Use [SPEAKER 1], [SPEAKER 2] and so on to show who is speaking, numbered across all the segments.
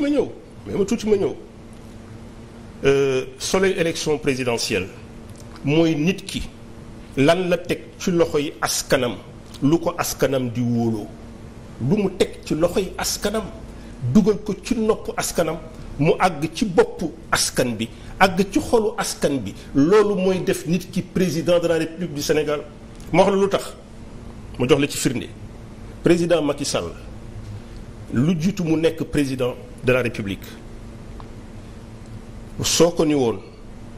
[SPEAKER 1] ma ñëw mais ma tuuti ma ñëw euh, soleil élection présidentielle mooy nit ki lan la teg ci loxo yi askanam lu ko askanam di wóoloo lu mu teg ci loxo loxoy askanam dugal ko ci nopp askanam mu àgg ci bopp askan bi àgg ci xolu askan bi loolu mooy def nit ki président de la république du Sénégal ma wax la lu tax mu jox la ci firnde président Macky lu jiitu mu nekk président de la république soo ko ni woon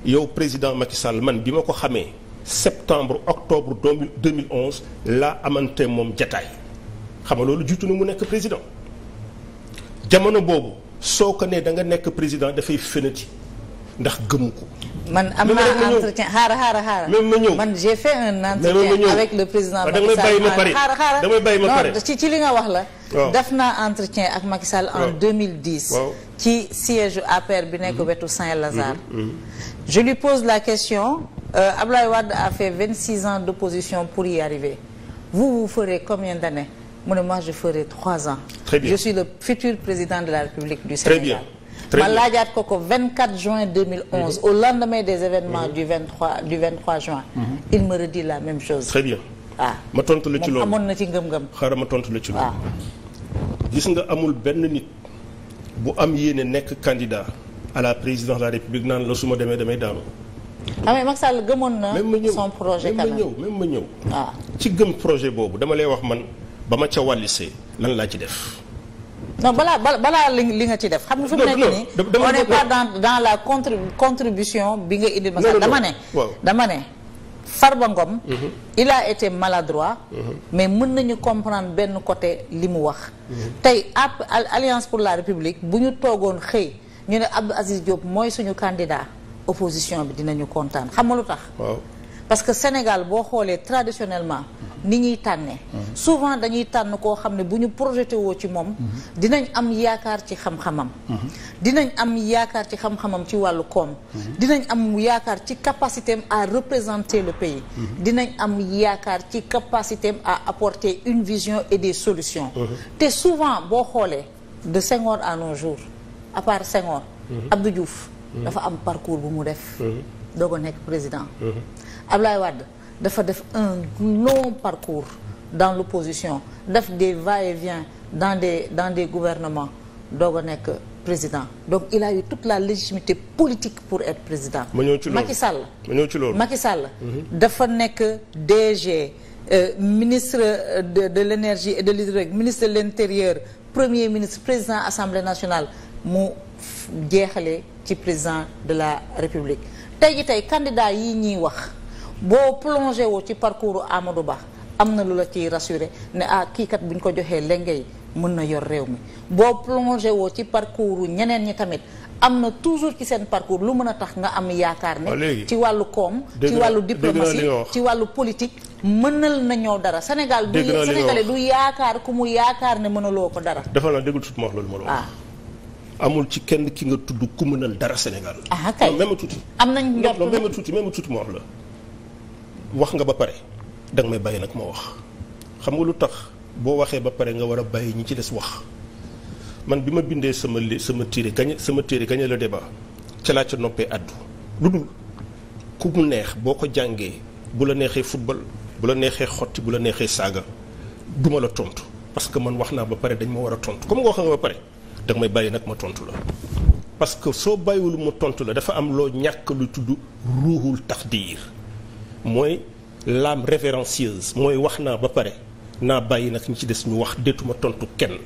[SPEAKER 1] yow président Macky Sall man bi ma ko xamee septembre octobre 2011 laa amante moom jataay xam nga loolu juutu na mu nekk président jamono boobu soo ko nee da nga nekk président dafay fenati ndax gëmu ko.
[SPEAKER 2] man am naa entretien xaaral xaaral xaaral. même ma man j'ai fait un entretien avec le président Macky Sall damay bàyyi ma pare ci li nga wax la. def naa entretien ak Macky Sall en 2010. ci siège APR bi nekk wetu Saint-Lazare. Mm-hmm. Mm-hmm. je lui pose la question euh, Abdoulaye Wade a fait 26 ans d'opposition pour y arriver vous vous ferez combien d'années mu ne moi je ferai 3 ans. je suis le futur président de la République du Sénégal. ma laajaat ko ko 24 juin 2011 mhm. au lendemain des événements mhm. du 23 du 23 juin. Mhm. il me redit la même chose. très bien ah. ma
[SPEAKER 1] tontu la ci loolu amoon na ci ngëm-ngëm. xaaral ma tontu la ci loolu. Ah. gis nga amul benn nit bu am yéene nekk candidat à la présidence de la république naan la su ma demee damay daanu.
[SPEAKER 2] ah mais Macky Sall gëmoon na. son projet quand même ma ñëw même ma ñëw. Ah.
[SPEAKER 1] ci gëm projet boobu dama lay wax man ba ma ca wàllisee lan laa ci def.
[SPEAKER 2] non balaa balaa li nga ci def xam nga fi mu nekk nii on n'est pas dans dans la contre contribution bi nga indi ma sax dama ne dama ne Farba Ngom mhm. il été maladroit mhm. mais mën nañu comprendre benn côté li mu wax mhm. tey app Alliance pour la République bu ñu toogoon xëy ñu ne Abdou Aziz Diop mooy suñu candidat opposition bi dinañu kontaan xam nga lu tax parce que Sénégal boo xoolee traditionnellement ni ñuy tànnee souvent dañuy tànn koo xam ne bu ñu projeté woo ci moom dinañ am yaakaar ci xam dinañ am yaakaar ci xam-xamam ci wàllu koom dinañ am yaakaar ci capacité am à représenter le pays dinañ am yaakaar ci capacité am à apporter une vision et des solutions te souvent boo xoolee de Senghor à nos jours à part Senghor Abdou Diouf dafa am parcours bu mu def doo nekk président Ablaye Wade dafa def un long parcours dans l'opposition def des va-et-vient dans des dans des nekk président donc il a eu toute la légitimité politique pour être président ma ñëw ci Sall ma ñëw ci loolu Macky mhm. dafa nekk DG Euh, ministre euh, de de l'énergie et de l'hydraulique ministre de l'intérieur premier ministre président assemblée nationale mu jeexale ci président de la république tey ji tey candidat yi ñuy wax boo plongé woo ci parcours Amadou baax am na lu la ciy rassuré ne ah kii kat bu ñu ko joxee lenge yi mën na yor réew mi boo plongé woo ci parcours ñeneen ñi tamit am na toujours ci seen parcours lu mën a tax nga am yaakaar ne oh, ci wàllu koom ci wàllu diplomatie ci wàllu politique mënal na ñoo dara Sénégal du Sénégalais yaakaar ku mu yaakaar ne mënaloo ko dara
[SPEAKER 1] dafa la déggul tut ma wax loolu ma la amul ci kenn ki nga tudd ku mënal dara Sénégal. ah
[SPEAKER 2] kay même tuuti. am nañ njort non même tuuti
[SPEAKER 1] tuuti ma wax la. wax nga ba pare danga may bàyyi nag ma wax xam nga lu tax boo waxee ba pare nga war a bàyyi ñi ci des wax man bi ma bindee sama li sama téere gañe sama téere gañe la débat ca laa ca noppee addu lu dul ku mu neex boo ko jàngee bu la neexee futbal bu la neexee xotti bu la neexee saaga duma la tontu parce que man wax naa ba pare dañ ma war a tontu comme nga wax nga ba pare. danga may bàyyi nag ma tontu la parce que soo bàyyiwul ma tontu la dafa am loo ñàkk lu tudd ruuxul taxdiir mooy l'âme révérencieuse mooy wax naa ba pare naa bàyyi nag ñi ci des ñu wax deetuma tontu kenn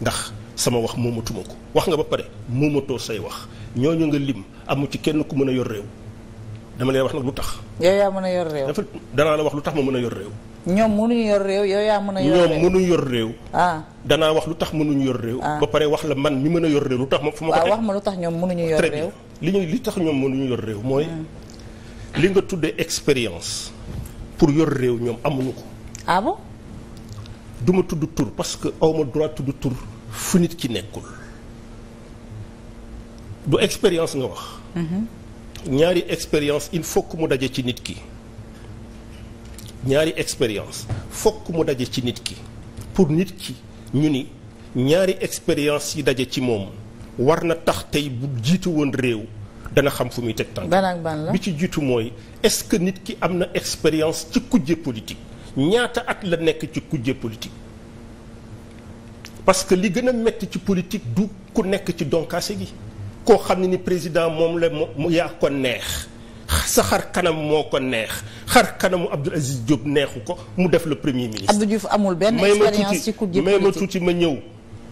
[SPEAKER 1] ndax sama wax moomatuma ko wax nga ba pare moomatoo say wax ñooñu nga lim amu ci kenn ku mën a yor réew dama lay wax nag lu tax.
[SPEAKER 2] yaa yaa mën a
[SPEAKER 1] danaa la wax lu tax ma mën a yor réew.
[SPEAKER 2] ñoom mënuñu yor réew yow yaa mën a yor réew ñoom mënuñu yor réew. ah
[SPEAKER 1] danaa wax lu tax mënuñu yor réew. Ah. ba pare wax la man mi mën a yor réew lu tax ma fu ma ko teg wax
[SPEAKER 2] ma lu tax ñoom mënuñu yor réew.
[SPEAKER 1] li ñu li tax ñoom mënuñu yor réew mooy. Hmm. li nga tuddee expérience pour yor réew ñoom amuñu ko. ah bon. tudd tur parce que aw ma droit tudd tur fu nit ki nekkul du expérience nga wax.
[SPEAKER 2] Mm-hmm.
[SPEAKER 1] ñaari expérience il faut que mu daje ci nit ki. ñaari expérience fokk mu daje ci nit ki pour nit ki ñu ni ñaari expérience yi daje ci moom war na tax tey bu jiitu woon réew dana xam fu muy teg tànk bi ci jiitu mooy est-ce que nit ki am na expérience ci kujje politique ñaata at la nekk ci kujje politique parce que li gën a metti ci politique du ku nekk ci donkaase gi koo xam ne ni président moom la mu yaa ko neex sa xar kanam moo ko neex xar kanamu Abdoul Aziz Diop neexu ko mu def le premier ministre. Abdou
[SPEAKER 2] Diouf amul benn expérience ci coupe may ma tuuti
[SPEAKER 1] ma ñëw.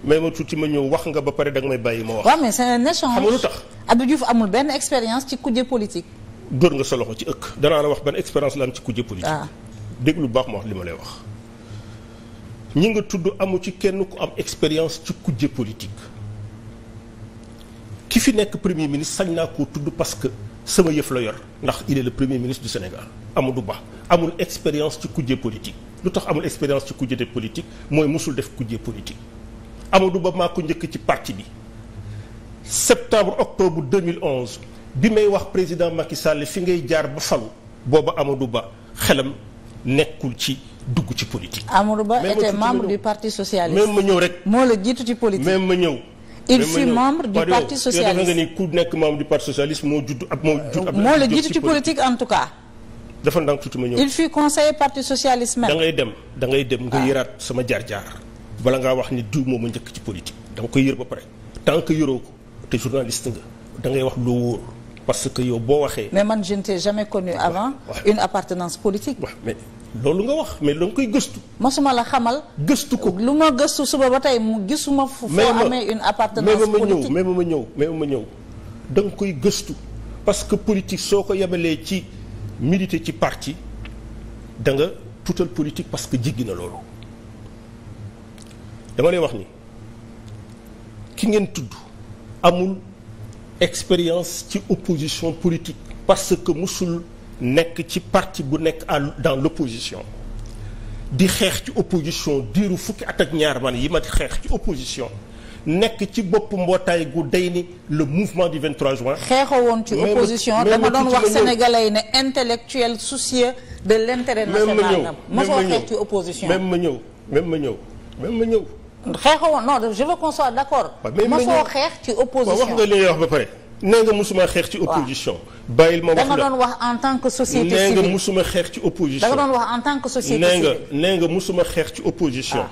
[SPEAKER 1] may ma tuuti ma ñëw wax nga ba pare danga may bàyyi ma wax. waaw
[SPEAKER 2] mais c'est un échange xam nga lu tax. Abdou Diouf amul benn expérience ci kuje politique.
[SPEAKER 1] dóor nga sa loxo ci ëkk. danaa la wax benn expérience la am ci kuje politique. waaw ah. déglu baax ma wax li ma lay wax. ñi nga tudd amu ci kenn ku am expérience ci kuje politique. ki fi nekk premier ministre sañ naa koo tudd parce que. sama yëf la yor ndax il est le premier ministre du Sénégal Amadou Ba amul expérience ci kujé politique lu tax amul expérience ci de politique mooy mosul def kujje politique Amadou Ba maa ko njëkk ci parti bi septembre octobre 2011 bi may wax président Macky Sall fi ngay jaar ba falu booba Amadou Ba xelam nekkul ci dugg ci politique.
[SPEAKER 2] Amadou Ba membre du parti socialiste. même ma ñëw
[SPEAKER 1] rek. moo la jiitu ci politique. même ma ñëw.
[SPEAKER 2] il fut membre du parti socialiste yow dafa nga
[SPEAKER 1] ni ku nekk membre du parti socialiste moo judd ab moo judd ab moo la jiitu ci politique en tout cas. dafa ndànk tuuti ma ñëw il
[SPEAKER 2] fut conseiller parti ngay
[SPEAKER 1] dem da ngay dem nga ah. yëraat sama jaar-jaar. bala ngaa wax ni diw moom a njëkk ci politique da nga koy yër ba pare tant que yëroo ko te journaliste nga da ngay wax loo wóor parce que yow boo waxee.
[SPEAKER 2] mais man je ne t'ai jamais connu avant une appartenance politique. Ouais, mais... loolu nga wax mais da nga koy gëstu. mosuma la xamal. gëstu ko lu ma gëstu suba ba tey mu gisuma. fu foo amee une appartenance politique mais
[SPEAKER 1] ma ñëw mais ma ñëw da nga koy gëstu parce que politique soo ko yebalee ci militer ci parti da nga tuutal politique parce que jéggi na loolu dama lay wax ni ki ngeen tudd amul expérience ci opposition politique parce que musul. nekk ci parti bu nekk à dans l'opposition di xeex ci opposition diiru fukki at ak ñaar man yi ma xeex ci opposition nekk ci bopp mbootaay gu day ni le mouvement du 23 juin. xeexoo woon ci opposition dama doon wax sénégalais
[SPEAKER 2] yi ne intellectuel soucieux de l'intérêt national. ma soo xeex ci opposition même
[SPEAKER 1] ma ñëw même ma ñëw même ma ñëw.
[SPEAKER 2] xeexoo woon non je veux qu'on soit d'accord. ma soo xeex ci opposition wax nga
[SPEAKER 1] li wax ba pare. nee nga musuma xeex ci opposition. bàyyil ma wax la
[SPEAKER 2] da tant que société civile nee nga
[SPEAKER 1] musuma xeex ci opposition. da doon
[SPEAKER 2] wax en tant que société nee nga
[SPEAKER 1] nee nga musuma xeex ci opposition. Ah.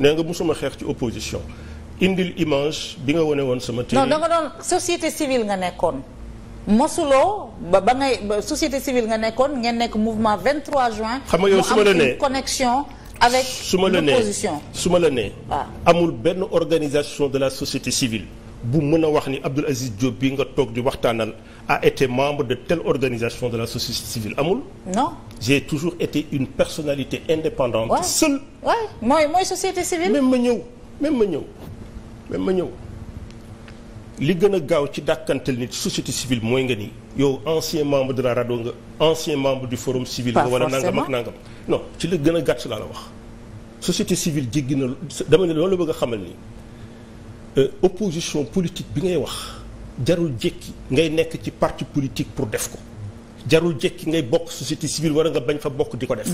[SPEAKER 1] nee nga musuma xeex ci opposition. indil image bi nga wane woon sama. télé non da nga
[SPEAKER 2] doon société civile nga nekkoon. mosuloo ba ba ngay ba société civile nga nekkoon ngeen nekk mouvement 23 juin. xam nga yow su ma la nee avec su ma la nee su ma la nee. Ah.
[SPEAKER 1] amul benn organisation de la société civile. bu mën a wax ni Abdoul Aziz Diop bi nga toog di waxtaanal a été membre de tell organisation de la société civile amul. non j'ai toujours été une personalité indépendante. Ouais. seule waaw ouais. mooy mooy société civile. même ma ñëw même ma ñëw même ma ñëw li gën a gaaw ci dàkkantal nit société civile mooy nga ni yow ancien membre de la RADDHO nga ancien membre du forum civil. nga wala nangam ak nangam. no ci la gën a gàtt laa la wax société civile jéggi na dama ne loolu la ni. Euh, opposition politique bi ngay wax jarul jékki ngay nekk ci parti politique pour def ko jarul jekki ngay bokk société civile wala nga bañ fa bokk di ko def